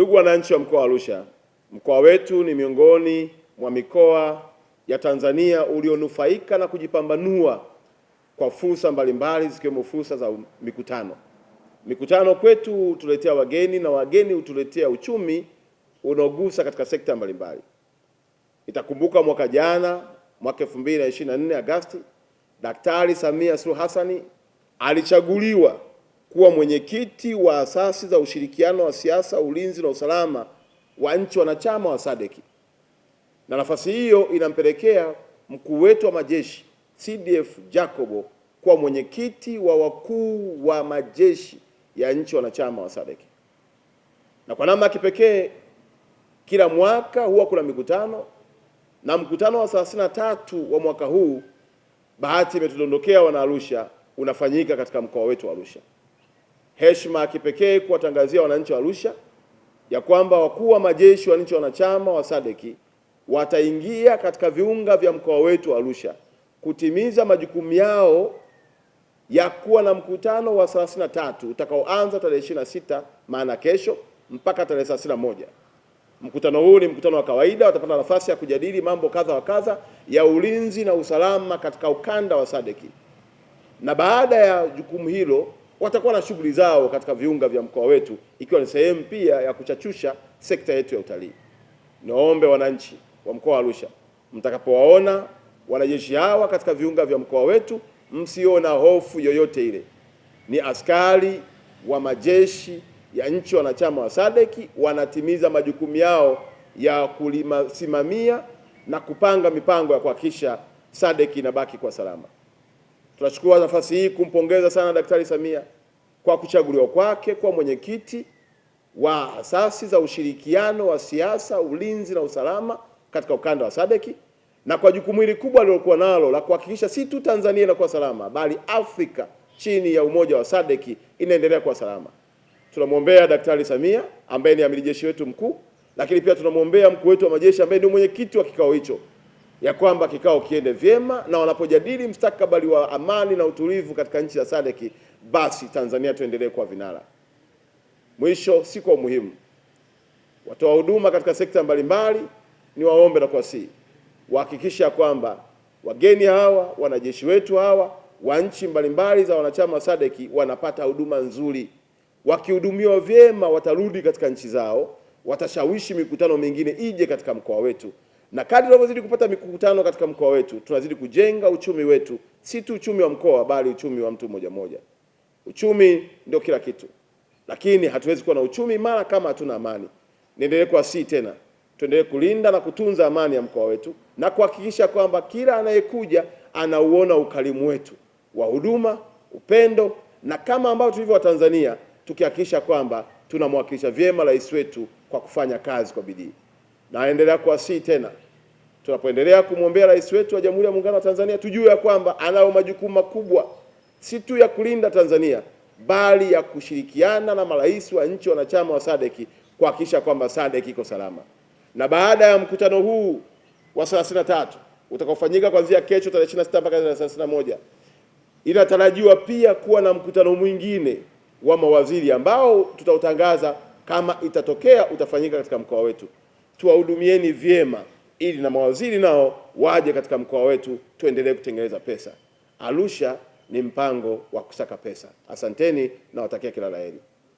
Ndugu wananchi wa mkoa wa Arusha, mkoa wetu ni miongoni mwa mikoa ya Tanzania ulionufaika na kujipambanua kwa fursa mbalimbali zikiwemo fursa za mikutano. Mikutano kwetu hutuletea wageni na wageni hutuletea uchumi unaogusa katika sekta mbalimbali. Itakumbuka mwaka jana, mwaka 2024 Agosti, Daktari Samia Suluhu Hassani alichaguliwa kuwa mwenyekiti wa asasi za ushirikiano wa siasa, ulinzi na usalama wa nchi wanachama wa SADC, na nafasi hiyo inampelekea mkuu wetu wa majeshi CDF Jacobo kuwa mwenyekiti wa wakuu wa majeshi ya nchi wanachama wa SADC. Na kwa namna kipekee kila mwaka huwa kuna mikutano na mkutano wa tatu wa mwaka huu bahati imetudondokea wana Arusha, unafanyika katika mkoa wetu wa Arusha heshima ya kipekee kuwatangazia wananchi wa Arusha ya kwamba wakuu wa majeshi wa nchi wanachama wa Sadeki wataingia katika viunga vya mkoa wetu wa Arusha kutimiza majukumu yao ya kuwa na mkutano wa 33 utakaoanza tarehe 26 maana kesho mpaka tarehe 31. Mkutano huu ni mkutano wa kawaida, watapata nafasi ya kujadili mambo kadha wa kadha ya ulinzi na usalama katika ukanda wa Sadeki, na baada ya jukumu hilo watakuwa na shughuli zao katika viunga vya mkoa wetu, ikiwa ni sehemu pia ya kuchachusha sekta yetu ya utalii. Niwaombe wananchi wa mkoa wa Arusha, mtakapowaona wanajeshi hawa katika viunga vya mkoa wetu, msiona hofu yoyote ile. Ni askari wa majeshi ya nchi wanachama wa Sadeki, wanatimiza majukumu yao ya kulisimamia na kupanga mipango ya kuhakikisha Sadeki inabaki kwa salama. Tunachukua nafasi hii kumpongeza sana Daktari Samia kwa kuchaguliwa kwake kuwa mwenyekiti wa asasi za ushirikiano wa siasa, ulinzi na usalama katika ukanda wa sadeki na kwa jukumu hili kubwa alilokuwa nalo la kuhakikisha si tu Tanzania inakuwa salama bali Afrika chini ya umoja wa sadeki inaendelea kuwa salama. Tunamwombea Daktari Samia ambaye ni amiri jeshi wetu mkuu, lakini pia tunamwombea mkuu wetu wa majeshi ambaye ndio mwenyekiti wa kikao hicho ya kwamba kikao kiende vyema na wanapojadili mstakabali wa amani na utulivu katika nchi za SADC, basi Tanzania tuendelee kuwa vinara. Mwisho si kwa umuhimu, watoa huduma katika sekta mbalimbali ni waombe na si wahakikisha kwamba wageni hawa, wanajeshi wetu hawa wa nchi mbalimbali za wanachama wa SADC wanapata huduma nzuri. Wakihudumiwa vyema, watarudi katika nchi zao, watashawishi mikutano mingine ije katika mkoa wetu na kadri tunavyozidi kupata mikutano katika mkoa wetu tunazidi kujenga uchumi wetu, si tu uchumi wa mkoa, bali uchumi wa mtu mmoja mmoja. Uchumi ndio kila kitu, lakini hatuwezi kuwa na uchumi mara kama hatuna amani. Niendelee kuwasihi tena, tuendelee kulinda na kutunza amani ya mkoa wetu na kuhakikisha kwamba kila anayekuja anauona ukarimu wetu wa huduma, upendo na kama ambao tulivyo Watanzania, tukihakikisha kwamba tunamwakilisha vyema rais wetu kwa kufanya kazi kwa bidii. Naendelea kuwasihi tena, tunapoendelea kumwombea rais wetu wa Jamhuri ya Muungano wa Tanzania, tujue ya kwamba anayo majukumu makubwa, si tu ya kulinda Tanzania, bali ya kushirikiana na marais wa nchi wanachama wa SADC kuhakikisha kwamba SADC iko salama. Na baada ya mkutano huu wa 33 utakaofanyika kuanzia kesho tarehe 26 mpaka tarehe 31, inatarajiwa pia kuwa na mkutano mwingine wa mawaziri ambao tutautangaza kama itatokea utafanyika katika mkoa wetu tuwahudumieni vyema, ili na mawaziri nao waje katika mkoa wetu, tuendelee kutengeneza pesa. Arusha ni mpango wa kusaka pesa. Asanteni, nawatakia kila la heri.